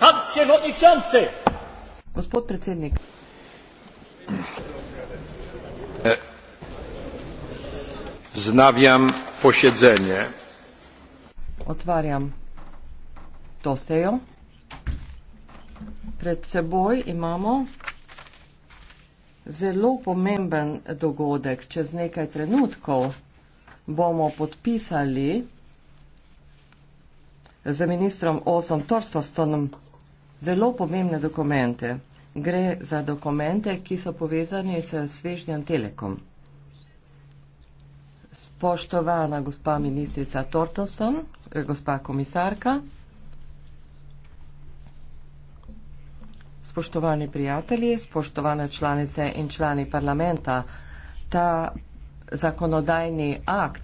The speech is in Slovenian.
Hadce, Gotničance. Gospod predsednik. E, znavjam posjedzenje. Otvarjam to sejo. Pred seboj imamo zelo pomemben dogodek. Čez nekaj trenutkov bomo podpisali z ministrom Osom Torstostonom zelo pomembne dokumente. Gre za dokumente, ki so povezani s svežnjem Telekom. Spoštovana gospa ministrica Tortoston, eh, gospa komisarka, spoštovani prijatelji, spoštovane članice in člani parlamenta, ta zakonodajni akt,